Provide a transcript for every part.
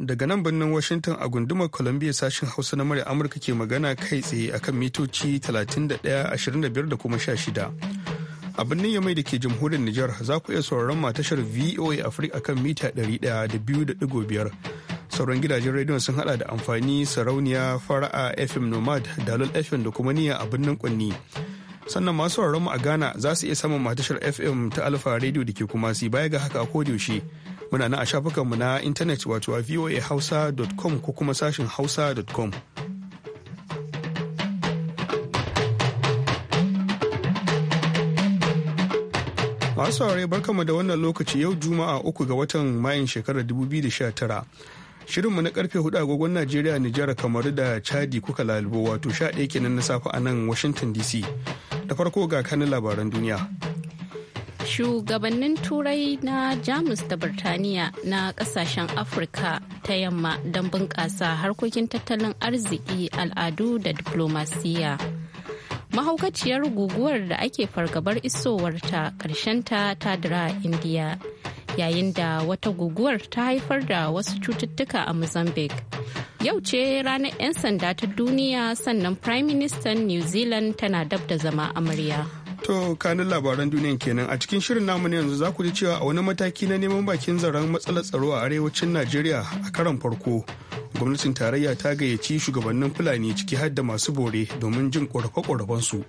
daga nan birnin washington a gundumar columbia sashen hausa na murya amurka ke magana kai tsaye akan mitoci 31.25 da kuma 16 a birnin yamai da ke jamhuriyar nijar za ku iya sauraron ma tashar voa africa akan mita 100.5 sauran gidajen rediyon sun hada da amfani sarauniya fara'a fm nomad dalol fm da kuma niyya a birnin kunni sannan masu sauraron mu a ghana za su iya samun tashar fm ta alfa radio da ke kuma baya ga haka a yaushe muna na a shafukanmu na intanet wato a voahausa.com ko kuma sashin hausa.com masu saurari mu da wannan lokaci yau juma'a uku ga watan mayin shekarar 2019 shirinmu na karfe hudu agogon najeriya nijar kamar da chadi kuka lalubo wato sha ɗaya kenan na safe a nan washington dc da farko ga kanin labaran duniya shugabannin turai na jamus da birtaniya na kasashen afirka ta yamma don bunƙasa harkokin tattalin arziki al'adu da diplomasiya mahaukaciyar guguwar da ake fargabar isowarta ta ta dira indiya yayin da wata guguwar ta haifar da wasu cututtuka a mozambique yau ce ranar 'yan sanda ta duniya sannan prime minister new zealand tana dab da zama amarya To kanin labaran duniyan kenan a cikin shirin namu ne yanzu za ku ji cewa a wani mataki na neman bakin zaren matsalar tsaro a arewacin Najeriya a karon farko. Gwamnatin tarayya ta gayyaci shugabannin Fulani ciki har da masu bore domin jin ƙorafe su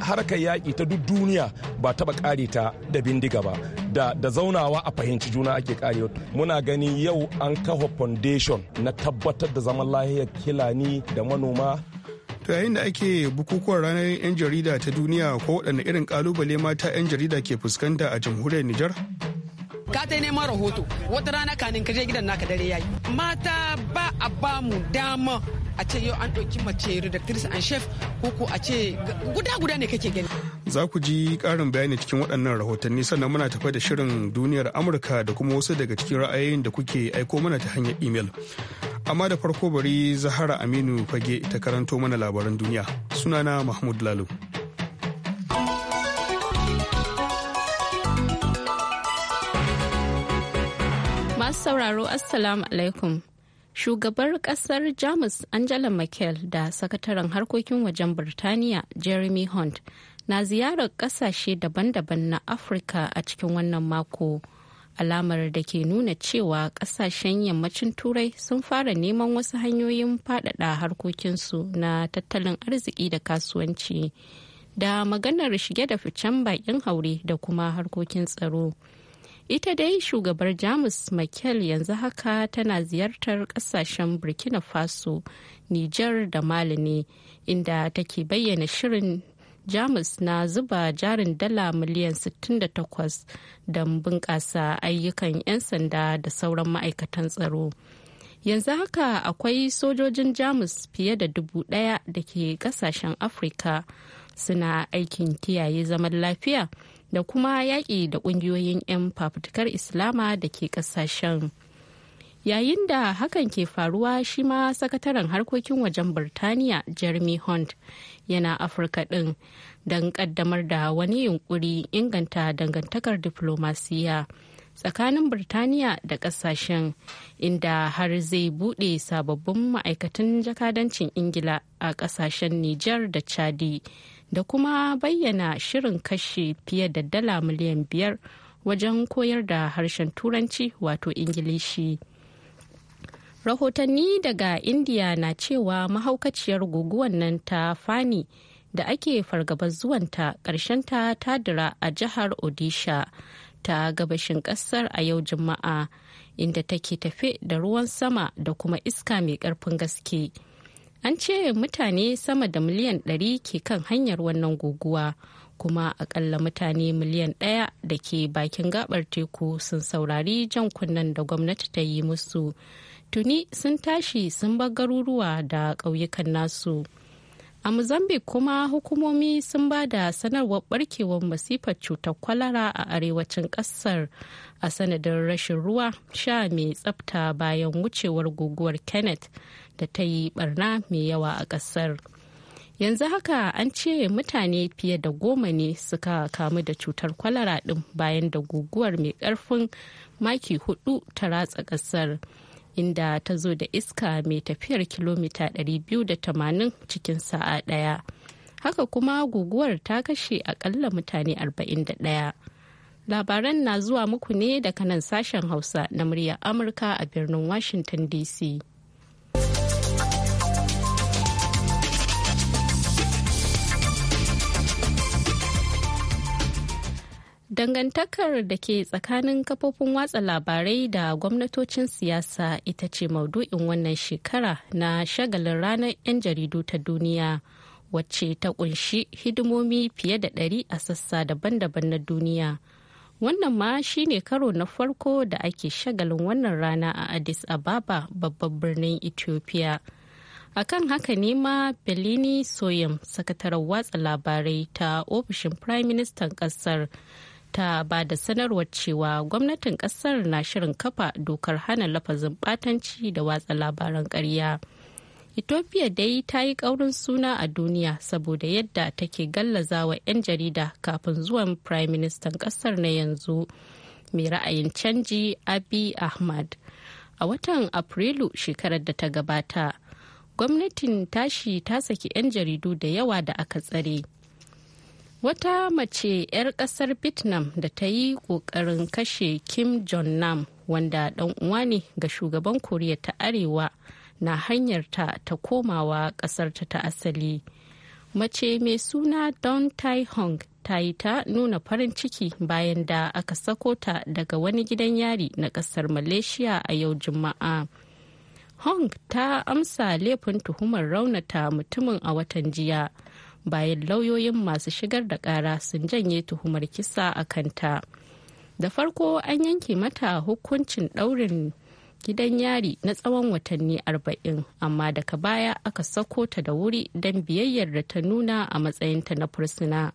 Harkar yaƙi ta duk duniya ba taɓa ƙare ta da bindiga ba, da, da zaunawa a fahimci juna ake ƙarewa. Muna gani yau an kafa foundation na tabbatar da zaman lahiyar kilani da manoma To yayin da ake bukukuwan ranar 'yan jarida ta duniya ko waɗanne irin kalubale mata 'yan jarida ke fuskanta a jamhuriyar Nijar? ka ta neman rahoto wata rana kanin ka je gidan naka dare yayi mata ba a ba mu dama a ce yau an ɗauki mace redactrice and chef ko ko a ce guda guda ne kake gani za ku ji ƙarin bayani cikin waɗannan rahotanni sannan muna tafa da shirin duniyar amurka da kuma wasu daga cikin ra'ayoyin da kuke aiko mana ta hanyar imel amma da farko bari zahara aminu fage ta karanto mana labaran duniya sunana mahmud lalu masu sauraro assalamu alaikum shugabar kasar jamus angela merkel da sakataren harkokin wajen birtaniya jeremy hunt na ziyarar kasashe daban-daban na afirka a cikin wannan mako alamar da ke nuna cewa kasashen yammacin turai sun fara neman wasu hanyoyin faɗaɗa harkokinsu na tattalin arziki da kasuwanci da maganar shige da ficen baƙin haure da kuma harkokin tsaro ita dai shugabar jamus michael yanzu haka tana ziyartar kasashen burkina faso niger da mali ne inda take bayyana shirin jamus na zuba jarin dala miliyan 68 don bunƙasa ayyukan 'yan sanda da sauran ma'aikatan tsaro yanzu haka akwai sojojin jamus fiye da dubu ɗaya da ke ƙasashen afirka suna aikin kiyaye zaman lafiya da kuma yaƙi da ƙungiyoyin 'yan fafutukar islama da ke ƙasashen yayin da hakan ke faruwa shi ma sakataren harkokin wajen birtaniya jeremy hunt yana afirka ɗin don ƙaddamar da wani yunkuri inganta dangantakar diflomasiya tsakanin birtaniya da ƙasashen inda har zai buɗe sababbin ma'aikatan jakadancin ingila a ƙasashen niger da chadi da kuma bayyana shirin kashe fiye da dala miliyan biyar wajen koyar da harshen turanci wato ingilishi. rahotanni daga indiya na cewa mahaukaciyar guguwan nan ta fani da ake fargabar zuwanta ƙarshenta ta tadira a jihar odisha ta gabashin ƙasar a yau juma'a inda take tafe da ruwan sama da kuma iska mai karfin gaske an ce mutane sama da miliyan 100 ke kan hanyar wannan guguwa kuma akalla mutane miliyan ɗaya da ke bakin gabar teku sun saurari jan kunnen da gwamnati ta yi musu tuni sun tashi sun bar garuruwa da ƙauyukan nasu a mozambique kuma hukumomi sun ba da sanarwar barkewar masifar cutar kwalara a arewacin ƙasar a sanadin rashin ruwa sha mai tsafta bayan wucewar guguwar kenneth da ta yi barna mai yawa a ƙasar yanzu haka an ce mutane fiye da goma ne suka kamu da cutar kwalara ɗin bayan da guguwar mai ƙarfin maki hudu ta ratsa ƙasar inda ta zo da iska mai tafiyar kilomita 280 cikin sa'a ɗaya. Haka kuma guguwar ta kashe akalla mutane 41. Labaran na zuwa muku ne daga nan sashen Hausa na murya Amurka a birnin Washington DC. dangantakar da ke tsakanin kafofin watsa labarai da gwamnatocin siyasa ita ce maudu'in wannan shekara na shagalin ranar 'yan jaridu ta duniya wacce ta kunshi hidimomi fiye da ɗari a sassa daban-daban na duniya wannan ma shine karo na farko da ake shagalin wannan rana a addis ababa babban birnin ethiopia akan haka ne ma Bellini Soyam sakataren watsa labarai ta ofishin prime ministan kasar ta ba da sanarwar cewa gwamnatin kasar na shirin kafa dokar hana lafazin batanci da watsa labaran karya Ethiopia dai ta yi ƙaurin suna a duniya saboda yadda take gallazawa 'yan jarida kafin zuwan Prime Minister kasar na yanzu mai ra'ayin canji abi Ahmad. A watan Afrilu shekarar da ta gabata, gwamnatin tashi ta saki 'yan jaridu da yawa da aka tsare. wata mace 'yar kasar vietnam da ta yi kokarin kashe kim jong nam wanda ɗan uwa ne ga shugaban koriya ta arewa na hanyarta ta komawa ƙasarta ta asali mace mai suna don tai hong ta yi ta nuna farin ciki bayan da aka sako ta daga wani gidan yari na kasar malaysia a yau juma'a hong ta amsa laifin tuhumar raunata mutumin a watan jiya bayan lauyoyin masu shigar da ƙara sun janye tuhumar kisa a kanta da farko an yanke mata hukuncin daurin gidan yari na tsawon watanni arba'in amma daga baya aka sako ta da wuri don biyayyar da ta nuna a matsayinta na fursuna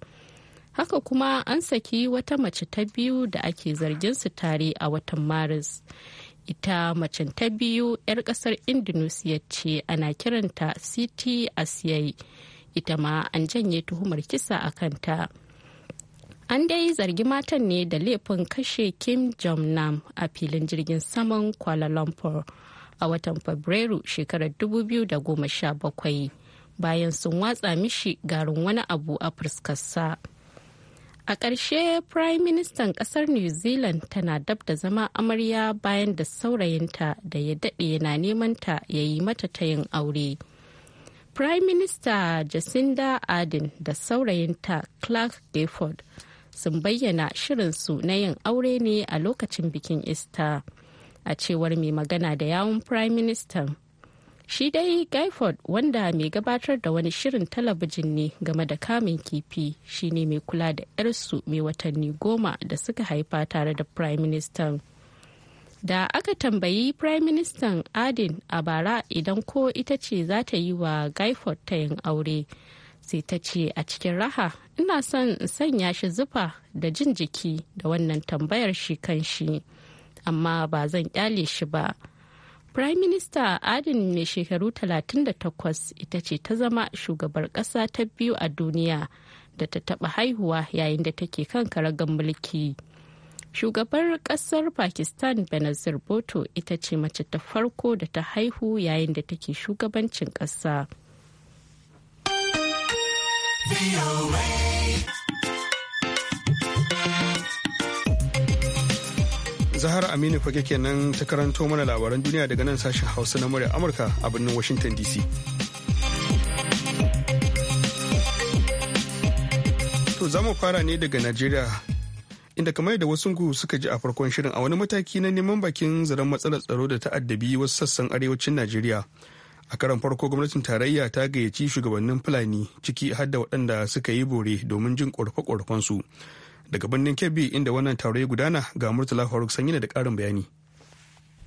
haka kuma an saki wata mace ta biyu da ake zargin su tare a watan maris ita mace ta biyu 'yar kasar indonesia ce ana kiranta city asiyai ita ma an janye tuhumar kisa a kanta. An dai zargi matan ne da laifin kashe Kim Jong Nam a filin jirgin saman Kuala Lumpur a watan Fabrairu shekarar 2017 bayan sun watsa mishi garin wani abu a fuskarsa. A ƙarshe, Prime Ministan ƙasar New Zealand tana dab da zama amarya bayan da saurayinta da ya daɗe yana neman ta ya yi mata tayin aure. Prime Minister Jacinda Ardern da saurayinta Clark Gayford sun bayyana shirinsu na yin aure ne a lokacin bikin Easter. A cewar mai magana da yawun Prime Minister. Shi dai Gayford wanda mai gabatar da wani shirin talabijin ne game da kamun kifi shine mai kula da 'yarsu mai watanni goma da suka haifa tare da Prime Minister. da aka tambayi prime minister adin a bara idan ko ita ce za ta yi wa guy yin aure sai ta ce a cikin raha ina son sanya shi zufa da jin jiki da wannan tambayar shi kan shi amma ba zan kyale shi ba prime minister adin mai shekaru 38 ita ce ta zama shugabar ƙasa ta biyu a duniya da ta taɓa haihuwa yayin da take kan karagar mulki. shugabar kasar pakistan benazir bhutto ita ce mace ta farko da ta haihu yayin da take shugabancin kasa zahar aminu fage kenan ta karanto mana labaran duniya daga nan sashen hausa na murya amurka a birnin washington dc to za mu fara ne daga najeriya inda kamar da wasu suka ji a farkon shirin a wani mataki na neman bakin zaren matsalar tsaro da ta'addabi wasu sassan arewacin najeriya a karan farko gwamnatin tarayya ta gayyaci shugabannin fulani ciki har da waɗanda suka yi bore domin jin ƙorafe-ƙorafensu daga birnin kebbi inda wannan taro ya gudana ga murtala faruk sanyina da ƙarin bayani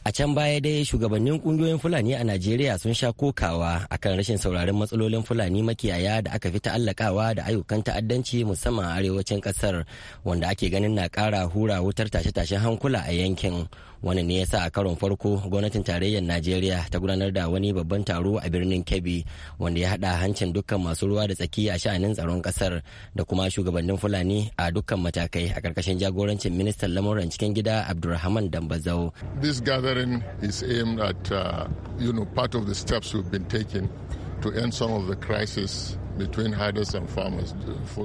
A can baya dai shugabannin kungiyoyin Fulani a Najeriya sun sha kokawa akan rashin sauraron matsalolin Fulani makiyaya da aka fi ta'allakawa da ayyukan ta'addanci musamman a arewacin ƙasar wanda ake ganin na kara hura wutar tashe-tashen hankula a yankin. wannan ne yasa a karon farko gwamnatin tarayyar najeriya ta gudanar da wani babban taro a birnin kebbi wanda ya hancin dukkan masu ruwa da tsaki a sha'anin tsaron da kuma shugabannin fulani a dukkan matakai a jagorancin ministan lamuran cikin gida abdulrahman dambazau this gathering is aimed at uh, you know, part of the steps we've been taking to end some of the crisis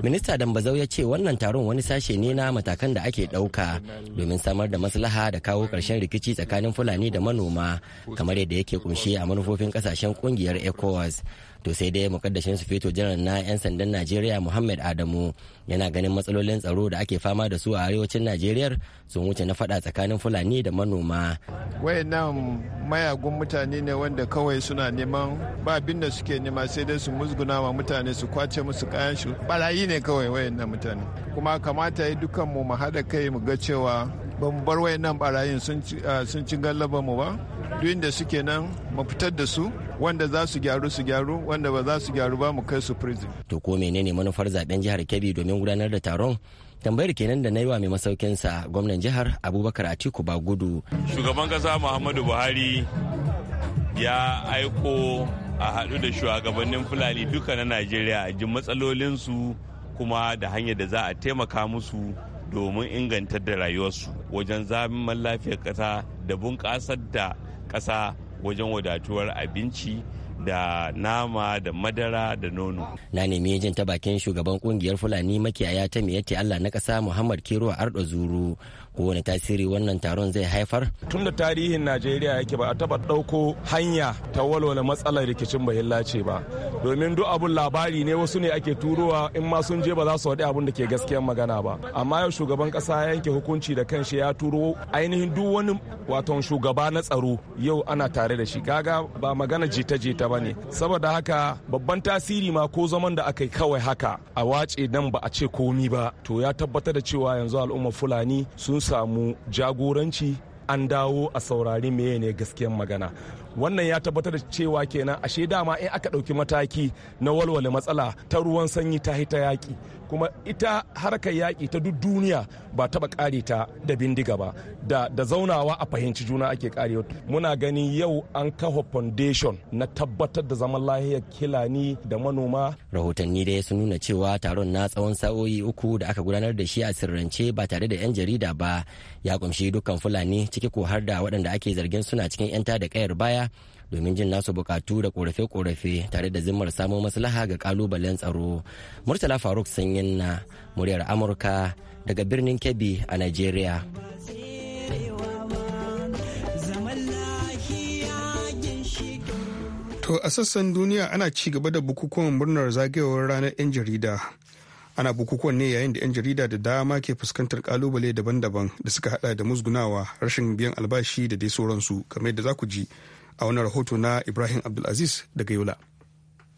Minista Dambazau ya ce wannan taron wani sashe ne na matakan da ake ɗauka domin samar da maslaha da kawo ƙarshen rikici tsakanin Fulani da manoma kamar yadda yake kunshi a manufofin ƙasashen ƙungiyar ECOWAS. To sai dai mukaddashin su feto janar na 'yan sandan Najeriya Muhammad Adamu yana ganin matsalolin tsaro da ake fama da su a arewacin Najeriya sun wuce na faɗa tsakanin Fulani da manoma. Wai nan mayagun mutane ne wanda kawai suna neman ba abin da suke nema sai dai su musguna wa mutane mutane su kwace musu kayan shi barayi ne kawai wayannan mutane kuma kamata ya dukan mu mu haɗa kai mu ga cewa ba mu bar wayannan barayin sun ci ah, gallaba mu ba duk inda suke nan mu fitar da su wanda za su gyaru su gyaru wanda ba za su gyaru ba mu kai su prison to ko menene manufar zaben jihar Kebbi domin gudanar da taron tambayar kenan da na yi wa mai sa gwamnan jihar abubakar atiku ba gudu shugaban kasa muhammadu buhari ya aiko a haɗu da shugabannin fulani duka na najeriya a ji matsalolinsu kuma da hanyar da za a taimaka musu domin inganta da rayuwarsu wajen zaman lafiyar ƙasa da bunƙasar da ƙasa wajen wadatuwar abinci da nama da madara da nono. Na nemi jin ta bakin shugaban kungiyar Fulani makiyaya ta miyatti Allah na ƙasa Muhammad Kero Ardo Zuru. Kowane tasiri wannan taron zai haifar? Tun da tarihin Najeriya yake ba a taba ɗauko hanya ta walwala matsalar rikicin bahilla ce ba. Domin duk abun labari ne wasu ne ake turowa in ma sun je ba za su waɗi abun da ke gaskiyar magana ba. Amma yau shugaban ƙasa yanke hukunci da kanshi ya turo ainihin duk wani waton shugaba na tsaro yau ana tare da shi. Kaga ba magana jita-jita ta ba saboda haka babban tasiri ma ko zaman da aka yi kawai haka a wace nan ba a ce komi ba to ya tabbatar da cewa yanzu al'ummar fulani sun samu jagoranci an dawo a saurari meye ne gaskiyan magana wannan ya tabbatar da cewa kenan ashe dama in aka ɗauki mataki na walwale matsala ta ruwan sanyi ta hita yaƙi kuma ita harkar yaƙi ta duk duniya ba taɓa ƙare ta da bindiga ba da, da zaunawa a fahimci juna ake ƙarewa muna gani yau an kafa foundation na tabbatar da zaman lahiyar kilani da manoma rahotanni dai sun nuna cewa taron na tsawon sa'o'i uku da aka gudanar da shi a sirrance ba tare da 'yan jarida ba ya kumshi dukkan fulani ciki ko har da waɗanda ake zargin suna cikin 'yan da kayar baya domin jin nasu bukatu da korafe-korafe tare da zimmar samo maslaha ga kalubalen tsaro murtala faruk sanyin na muryar amurka daga birnin kebbi a Najeriya. To a sassan duniya ana ci gaba da bukukuwan murnar zagayowar ranar 'yan jarida. Ana bukukuwan ne yayin da 'yan jarida da dama ke fuskantar kalubale daban-daban da suka hada da musgunawa, rashin biyan albashi da dai sauransu, kamar yadda za ku ji a wani rahoto na ibrahim abdulaziz daga yola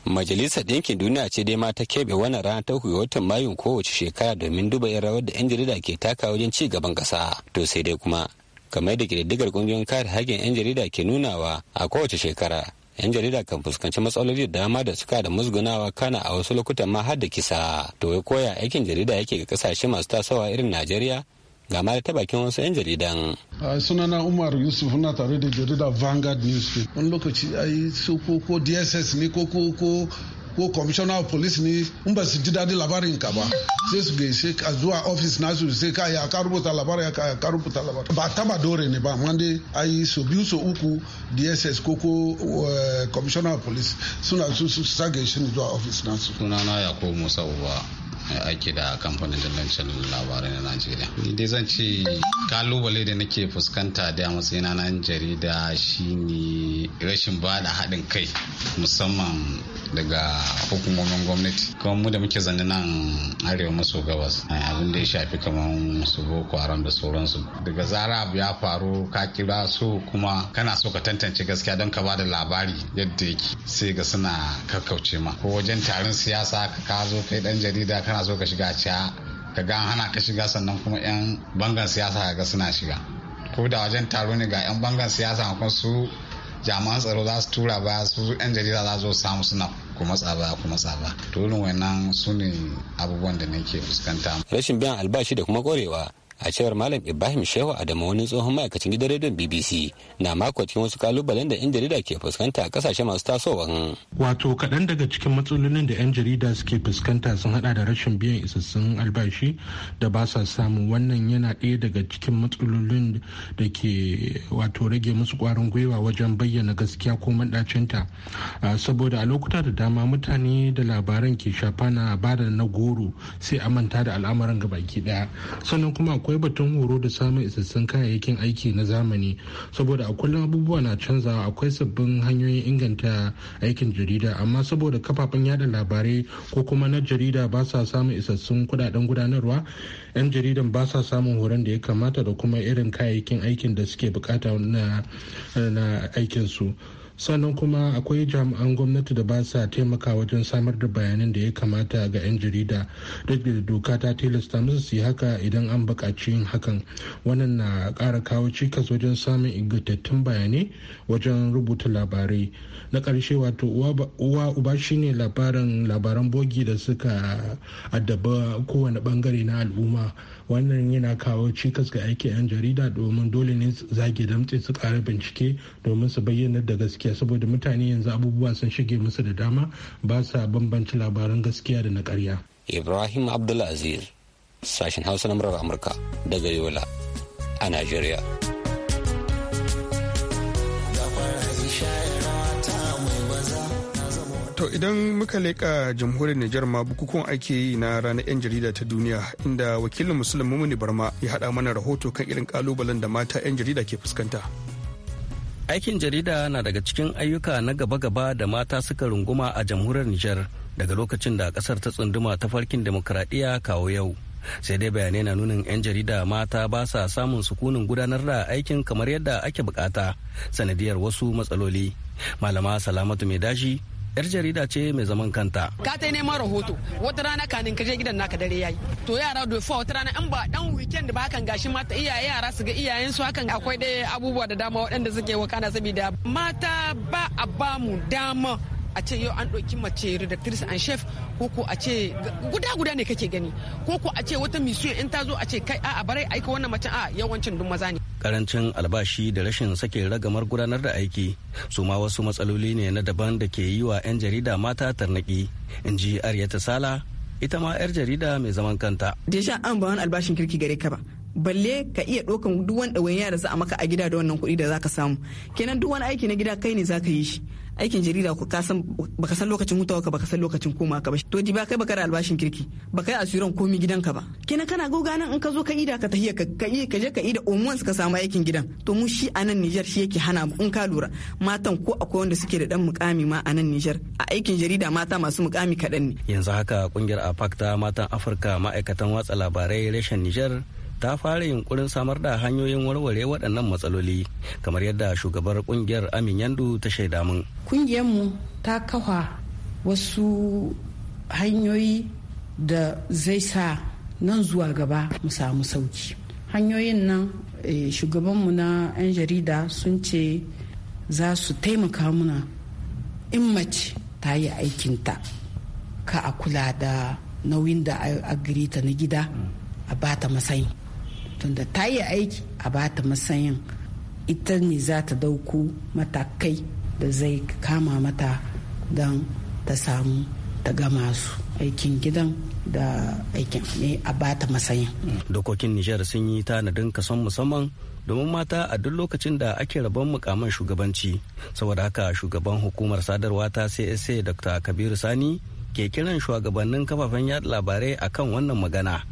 majalisar dinkin duniya ce dai ma ta keɓe wannan rana ta huyo watan mayun kowace shekara domin duba yin rawar da 'yan jarida ke taka wajen ci gaban ƙasa to sai dai kuma kamar da ƙididdigar ƙungiyoyin kare haƙƙin 'yan jarida ke nunawa a kowace shekara 'yan jarida kan fuskanci matsaloli da dama da suka da musgunawa kana a wasu lokutan ma har da kisa to wai koya aikin jarida yake ga kasashe masu tasowa irin najeriya ga ma ta bakin wasu 'yan jaridan. sunana umar yusuf na tare da jarida vanguard news wani lokaci yi su ko ko dss ne ko ko ko commissioner of police ne in ba su ji daɗi labarin ka ba sai su gaishe a zuwa office nasu sai ka ya ka rubuta labarin ya ka rubuta labarin ba taba dore ne ba amma dai ayi so biyu so uku dss ko ko eh, commissioner of police suna su sa gaishe ni zuwa office nasu sunana yakubu musa uba mai aiki da kamfanin dillancin labarai na najeriya ni dai zan ce kalubale da nake fuskanta da matsayina na jarida shine rashin bada haɗin kai musamman daga hukumomin gwamnati kuma mu da muke zanne nan arewa maso gabas eh, abin da ya shafi kamar su boko haram da sauransu daga zara abu ya faru ka kira su kuma kana so ka tantance gaskiya don ka ba da labari yadda yake sai ga suna kakkauce ma ko wajen taron siyasa ka zo kai dan jarida kana so ka shiga ciya ka ga hana ka shiga sannan kuma yan bangan siyasa ga suna shiga ko da wajen taro ne ga yan bangan siyasa kuma su jami'an tsaro za su tura ba su yan jarida za su samu suna kuma tsaba kuma tsaba to irin wannan su abubuwan da nake fuskanta rashin biyan albashi da kuma korewa a cewar malam ibrahim shehu adamu wani tsohon ma'aikacin gidan rediyon bbc na mako cikin wasu kalubalen da yan jarida ke fuskanta a kasashe masu tasowa wato kaɗan daga cikin matsalolin da yan jarida suke fuskanta sun hada da rashin biyan isassun albashi da ba sa samu wannan yana ɗaya daga cikin matsalolin da ke wato rage musu kwarin gwiwa wajen bayyana gaskiya ko mandacinta saboda a lokuta da dama mutane da labaran ke shafa na bada na goro sai a manta da al'amuran gabaki ɗaya sannan kuma akwai batun horo da samun isassun kayayyakin aiki na zamani saboda a kullum abubuwa na canzawa akwai sabbin hanyoyin inganta aikin jarida amma saboda kafafen yada labarai ko kuma na jarida ba sa samun isassun kudaden gudanarwa yan jaridan ba sa samun horon da ya kamata da kuma irin kayayyakin aikin da suke bukata na aikin su. sannan kuma akwai jami'an gwamnati da ba sa taimaka wajen samar da bayanan da ya kamata ga 'yan jarida duk da doka ta tilasta musu su yi haka idan an buƙaci yin hakan wannan na ƙara kawo cikas wajen samun ingantattun bayanai wajen rubuta labarai na ƙarshe wato uwa uba shine labaran labaran bogi da suka addaba kowane bangare na al'umma wannan yana kawo cikas ga aiki 'yan jarida domin dole ne zage damtse su kara bincike domin su bayyana da gaskiya saboda mutane yanzu abubuwa sun shige musu da dama ba sa bambanci labaran gaskiya da na karya. ibrahim abdulaziz sashen hausa na murar amurka daga yola a najeriya. To idan muka leƙa jamhuriyar Nijar ma bukukuwan ake yi na ranar 'yan jarida ta duniya inda wakilin Musulun Mumuni Barma ya haɗa mana rahoto kan irin ƙalubalen da mata 'yan jarida ke fuskanta. Aikin jarida na daga cikin ayyuka na gaba-gaba da mata suka runguma a jamhuriyar Nijar daga lokacin da ƙasar ta tsunduma ta farkin demokuraɗiyya kawo yau. Sai dai bayanai na nunin 'yan jarida mata ba sa samun sukunin gudanar da aikin kamar yadda ake bukata sanadiyar wasu matsaloli. Malama Salamatu Mai dashi yar jarida ce mai zaman kanta ka ta neman rahoto wata rana kanin ka je gidan naka dare yayi to yara do fa wata rana in ba dan weekend ba hakan gashi mata iyaye yara su ga iyayen su hakan akwai dai abubuwa da dama waɗanda suke wakana saboda mata ba a ba mu dama a ce yau an ɗauki mace redactrice and chef ko ko a ce guda guda ne kake gani ko ko a ce wata misiyo in ta zo a ce kai a barai aika wannan mace a yawancin dun maza ne karancin albashi da rashin sake ragamar gudanar da aiki su ma wasu matsaloli ne na daban da ke yi wa 'yan jarida mata tarnaki in ji aryata sala ita ma 'yar jarida mai zaman kanta deja an ba wani albashin kirki gare ka ba balle ka iya ɗaukan duk wani ɗawainiya da za a maka a gida da wannan kuɗi da za ka samu kenan duk wani aiki na gida kai ne za ka yi shi aikin jarida ku ka san baka san lokacin hutawa ka baka san lokacin koma ka ba to di ba kai baka da albashin kirki ba kai asiran komi ka ba kina kana goga nan in ka zo ka ida ka tahiya ka ka je ka ida umuwan ka samu aikin gidan to mu shi a nan Niger shi yake hana mu in ka lura matan ko akwai wanda suke da dan mukami ma a nan Niger a aikin jarida mata masu mukami kaɗan ne yanzu haka kungiyar a ta matan Afirka ma'aikatan watsa labarai reshen Niger ta fara yunkurin samar da hanyoyin warware waɗannan matsaloli kamar yadda shugabar kungiyar amin yandu ta shaida mun kungiyarmu ta kafa wasu hanyoyi da zai sa nan zuwa gaba mu samu sauki hanyoyin nan eh, shugabanmu na 'yan jarida sun ce za su taimaka muna in mace ta yi aikinta ka a kula da nauyin da a ta na gida a bata masani tunda ta yi aiki a ba ta ita ne za ta dauko matakai da zai kama mata don ta samu ta gama su aikin gidan da aikin ne a bata ta dokokin nijar sun yi tanadin kason musamman domin mata a duk lokacin da ake rabon mukaman shugabanci saboda haka shugaban hukumar sadarwa ta csa dr kabiru sani ke kiran shugabannin kafafen yada labarai akan wannan magana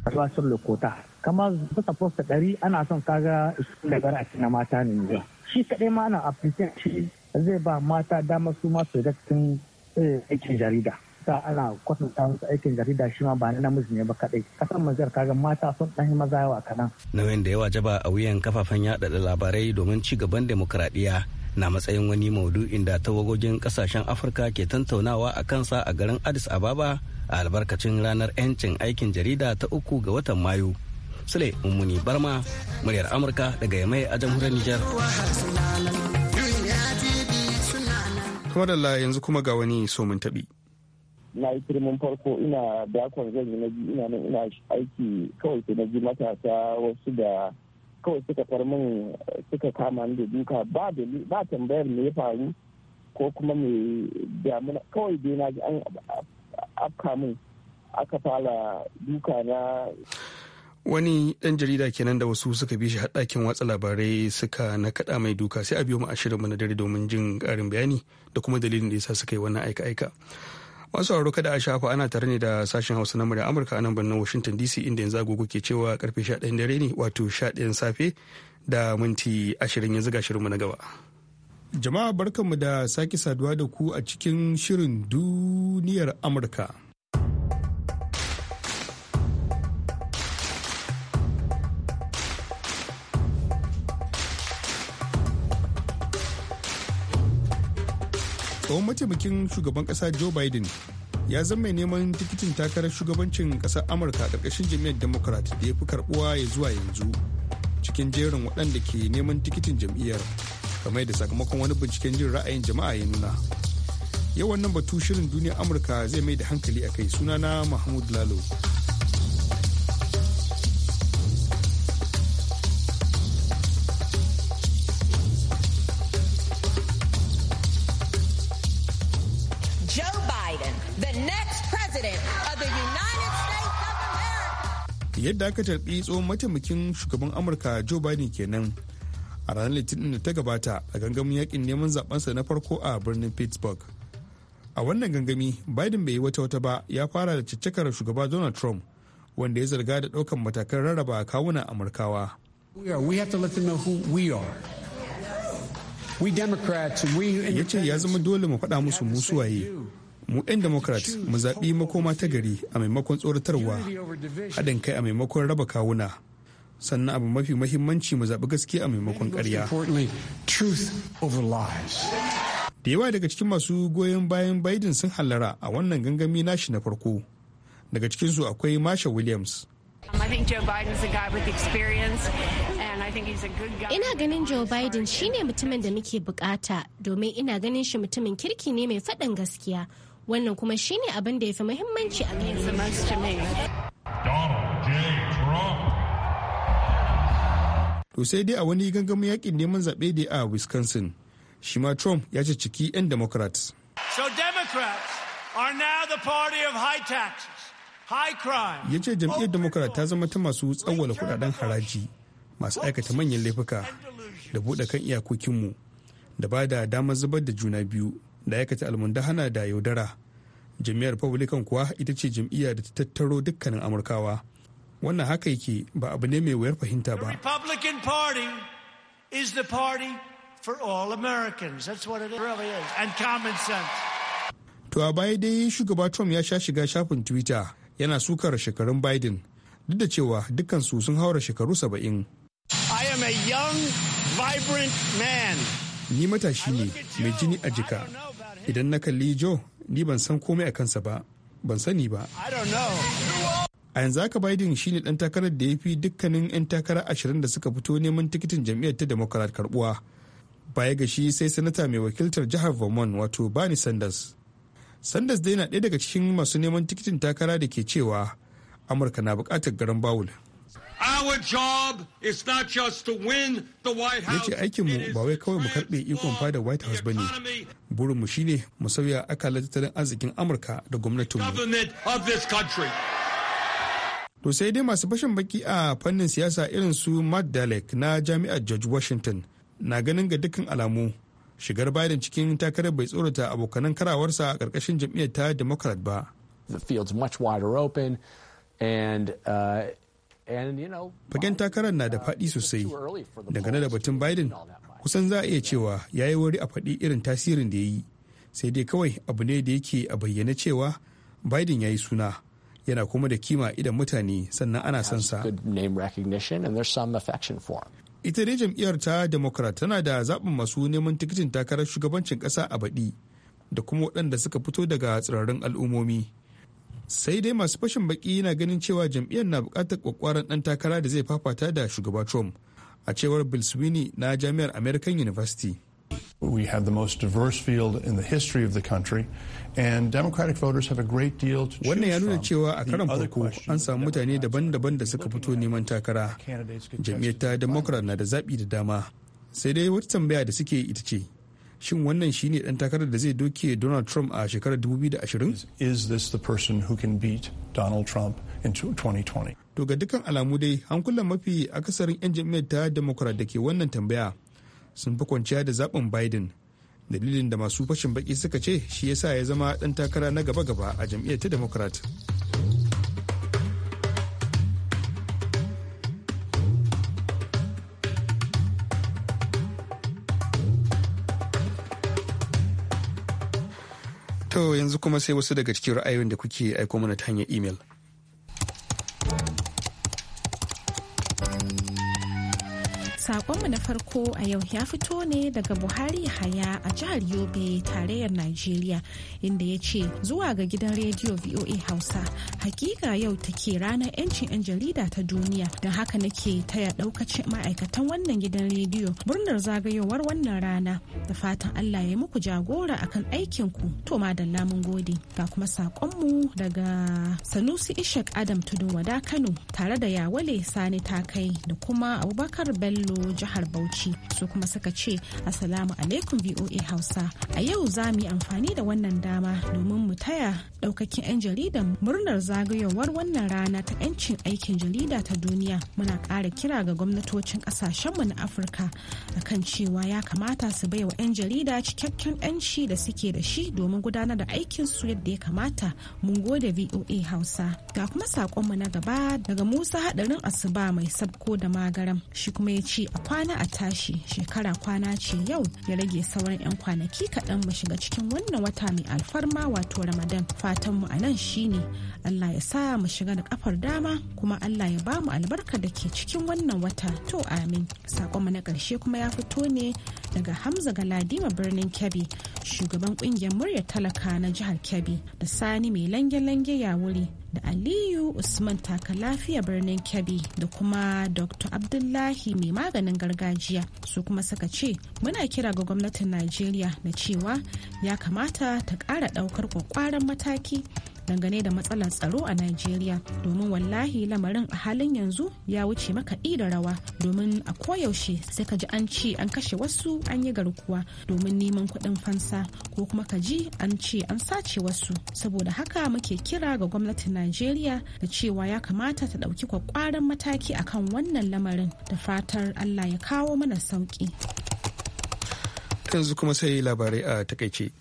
kama bisa posta ɗari ana son kaga da gara a na mata ne ne shi kaɗai ma ana appreciate shi zai ba mata dama su ma su cikin eh, aikin jarida ta ana kwatanta musu aikin jarida shi ma ba na namiji ne ba kaɗai kasan mazar kaga mata sun ɗan maza yawa kaɗan. nauyin da yawa jaba a wuyan kafafen yaɗa labarai domin ci gaban demokuraɗiyya na matsayin wani maudu'in da tawagogin kasashen afirka ke tantaunawa a kansa a garin addis ababa a albarkacin ranar 'yancin aikin jarida ta uku ga watan mayu Sule Mummuni Barma muryar Amurka daga Yamai a jamhuriyar Nijar. Kuma da yanzu kuma ga wani so mun taɓi. na yi firmin farko ina dakon zan yi na ji ina nan ina aiki kawai sai na ji matasa wasu da kawai suka far min suka kama ni da duka ba tambayar me ya faru ko kuma me damuna kawai dai na ji an afka min aka fara duka na wani dan jarida kenan da wasu suka bi shi haɗakin watsa labarai suka na kaɗa mai duka sai a biyo mu ashirin mu na dare domin jin karin bayani da kuma dalilin da yasa suka yi wannan aika-aika masu sauraro kada a shafa ana tare ne da sashen hausa na murya amurka a nan birnin washington dc inda yanzu agogo ke cewa karfe 11 dare ne wato 11 safe da minti 20 yanzu ga shirinmu na gaba jama'a barkanmu da sake saduwa da ku a cikin shirin duniyar amurka tsohon mataimakin shugaban kasa joe biden ya zama mai neman tikitin takarar shugabancin kasar amurka a ƙarƙashin jam'iyyar democrat da ya fi karɓuwa ya zuwa yanzu cikin jerin waɗanda ke neman tikitin jam'iyyar kamar da sakamakon wani binciken jin ra'ayin jama'a ya nuna yau wannan batu shirin duniya amurka zai mai da hankali a kai sunana mahmud lalo yadda aka tarbi tsohon mataimakin shugaban amurka joe biden kenan a ranar litinin da ta gabata a gangamin yakin neman zabensa na farko a birnin pittsburgh a wannan gangami biden bai yi wata wata ba ya fara da caccakar shugaba donald trump wanda ya zarga da daukan matakan rarraba kawunan amurkawa ya ce ya zama dole mu faɗa musu musuwaye mu 'yan democrat mu zaɓi makoma ta gari a maimakon tsoratarwa haɗin kai a maimakon raba kawuna sannan abu mafi mahimmanci mu zaɓi gaskiya a maimakon ƙarya da yawa daga cikin masu goyon bayan biden sun hallara a wannan gangami nashi na farko daga cikinsu akwai masha williams um, Ina ganin Joe Biden shine mutumin da muke bukata domin ina ganin shi mutumin kirki ne mai faɗin gaskiya wannan kuma shine abin da ya fi muhimmanci a To sai dai a wani gangamin yakin neman zaɓe dai a Wisconsin, shi ma Trump ya ce ciki 'yan Democrats. So Democrats are now the party of high taxes, Ya ce jam'iyyar Democrat ta zama ta masu tsawwala kudaden haraji, masu aikata manyan laifuka da buɗe kan iyakokinmu da ba da damar zubar da juna biyu da aikata almundahana da yaudara Jami'ar republican kuwa ita ce jam'iyyar da ta tattaro dukkanin amurkawa wannan haka yake ba abu ne mai wayar fahimta ba to a baya dai shugaba trump ya sha shiga shafin twitter yana sukar shekarun biden duk da cewa dukkansu sun haura shekaru saba'in ni matashi ne mai jini a jika idan na kalli joe ni ban san komai a kansa ba ban sani ba a yanzu haka biden shine dan takarar da ya fi dukkanin 'yan takara ashirin da suka fito neman tikitin jam'iyyar ta democrat karbuwa baya ga shi sai sanata mai wakiltar jihar vermont wato bani sanders sanders dai na daya daga cikin masu neman tikitin takara da ke cewa amurka na bukatar garin bawul Ya ce aikinmu ba wai kawai mu karɓe ikon fada White House ba ne. Burinmu shine mu sauya akalar tattalin arzikin Amurka da gwamnatinmu. To sai dai masu fashin baki a fannin siyasa irin su Matt Dalek na Jami'ar George Washington na ganin ga dukkan alamu shigar Biden cikin takarar bai tsorata abokanan karawarsa a ƙarƙashin jam'iyyar ta Democrat ba. The field's much wider open and uh, fagen takarar na da uh, faɗi sosai dangane da batun biden kusan za a iya cewa ya yi wari a faɗi irin tasirin da ya yi sai dai kawai abu ne da yake a bayyane cewa biden ya yi suna yana kuma da kima idan mutane sannan ana son sa ita dai jam'iyyar ta democrat tana da zaɓin masu neman tikitin takarar shugabancin ƙasa a baɗi da kuma waɗanda suka fito daga tsirarin al'ummomi sai dai masu fashin baki na ganin cewa jam'iyyar na bukatar kwakwaran dan takara da zai fafata da shugaba trump a cewar bill sweeney na jami'ar american university We have the most diverse field in the history of the country, and Democratic voters have a great deal to choose Wannan ya nuna cewa a karan farko an samu mutane daban-daban da suka fito neman takara. Jam'iyyar ta Democrat na da zaɓi da dama. Sai dai wata tambaya da suke ita ce, shin wannan shi ne dan takarar da zai doke donald trump a shekarar 2020 to ga dukkan alamu dai hankulan mafi akasarin yan jam'iyyar ta democrat da ke wannan tambaya sun fi kwanciya da zaben biden dalilin da masu fashin baki suka ce shi yasa ya zama dan takara na gaba-gaba a jam'iyyar ta democrat To yanzu kuma sai wasu daga cikin ra'ayoyin da kuke aiko mana ta hanyar imel. Sakonmu na farko a yau ya fito ne daga Buhari Haya a jihar Yobe tarayyar Najeriya inda ya ce zuwa ga gidan rediyo VOA Hausa hakika yau take ranar 'yancin 'yan jarida ta duniya don haka nake taya daukacin ma'aikatan wannan gidan rediyo murnar zagayowar wannan rana da fatan Allah ya muku jagora akan aikin ku to da mun gode ga kuma sakonmu daga Sanusi Ishak Adam Tudun Wada Kano tare da Yawale Sani Takai da kuma Abubakar Bello jihar Bauchi su kuma suka ce Assalamu alaikum VOA Hausa. A yau za mu yi amfani da wannan dama domin mu taya ɗaukakin 'yan jarida murnar zagayowar wannan rana ta 'yancin aikin jarida ta duniya. Muna ƙara kira ga gwamnatocin ƙasashenmu na Afirka a kan cewa ya kamata su baiwa 'yan jarida cikakken 'yanci da suke da shi domin gudanar da aikin su yadda ya kamata. Mun gode VOA Hausa. Ga kuma saƙonmu na gaba daga Musa Haɗarin Asuba mai sabko da magaram. Shi kuma ya ce a kwana a tashi shekara kwana ce yau ya rage sauran 'yan kwanaki kaɗan mu shiga cikin wannan wata mai alfarma wato ramadan fatan mu a nan shine allah ya sa mu shiga da kafar dama kuma allah ya bamu albarka da ke cikin wannan wata to amin mu na ƙarshe kuma ya fito ne daga hamza galadima birnin kebbi shugaban ƙungiyar murya talaka na jihar kebbi da sani mai lange-lange ya wuri da aliyu usman taka lafiya birnin kebbi da kuma dr abdullahi mai maganin gargajiya su kuma suka ce muna kira ga gwamnatin najeriya na cewa ya kamata ta ƙara ɗaukar kwakwaran mataki dangane da matsalar tsaro a Najeriya domin wallahi lamarin a halin yanzu ya wuce makaɗi da rawa domin a koyaushe sai ka ji an ce an kashe wasu an yi garkuwa domin neman kuɗin fansa ko kuma ka ji an ce an sace wasu saboda haka muke kira ga gwamnatin Najeriya da cewa ya kamata ta ɗauki kwakwaran mataki akan wannan lamarin da fatar Allah ya kawo mana sauki. Yanzu kuma sai labarai a takaice.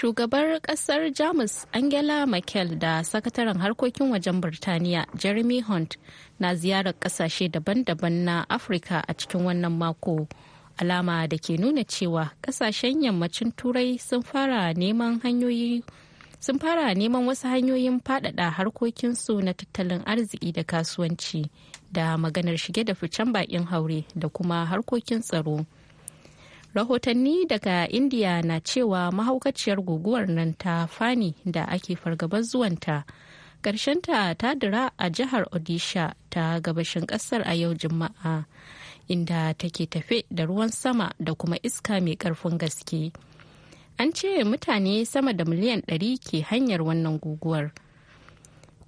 shugabar kasar jamus angela merkel da sakataren harkokin wajen birtaniya jeremy hunt na ziyarar kasashe daban-daban na afirka a cikin wannan mako alama da ke nuna cewa kasashen yammacin turai sun fara neman sun fara neman wasu hanyoyin faɗaɗa harkokinsu na tattalin arziki da kasuwanci da maganar shige da ficen bakin haure da kuma harkokin tsaro. rahotanni daga indiya na cewa mahaukaciyar guguwar nan ta fani da ake fargabar zuwanta ƙarshenta ta ta dira a jihar odisha ta gabashin ƙasar a yau juma'a inda take tafe da ruwan sama da kuma iska mai ƙarfin gaske an ce mutane sama da miliyan 100 ke hanyar wannan guguwar.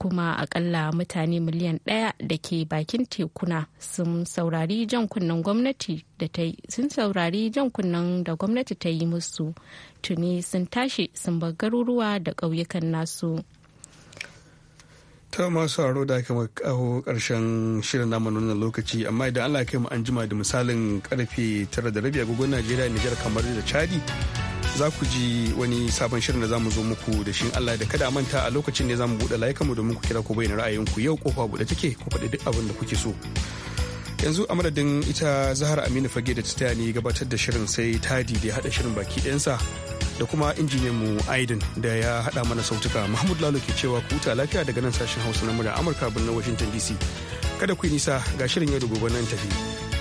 kuma akalla mutane miliyan ɗaya da ke bakin tekuna sun saurari jan kunnen gwamnati da ta yi sun saurari jan kunnen da gwamnati ta yi musu tuni sun tashi sun bar garuruwa da ƙauyukan nasu ta masu haro da aka kawo karshen shirin namu wannan lokaci amma idan allah kai mu an jima da misalin karfe tara da rabi agogon najeriya nijar kamar da chadi za ku ji wani sabon shirin da za mu zo muku da shi Allah da kada manta a lokacin da za mu buɗe layukanmu domin ku kira ku bayyana ra'ayinku yau kofa buɗe take ku faɗi duk abin da kuke so. yanzu a madadin ita zahar aminu fage da ta ne gabatar da shirin sai tadi da ya haɗa shirin baki sa da kuma injiniyan mu aidin da ya haɗa mana sautuka mahmud lalo ke cewa ku huta lafiya daga nan sashen hausa na murya amurka birnin washington dc kada ku yi nisa ga shirin yau da gobe nan tafi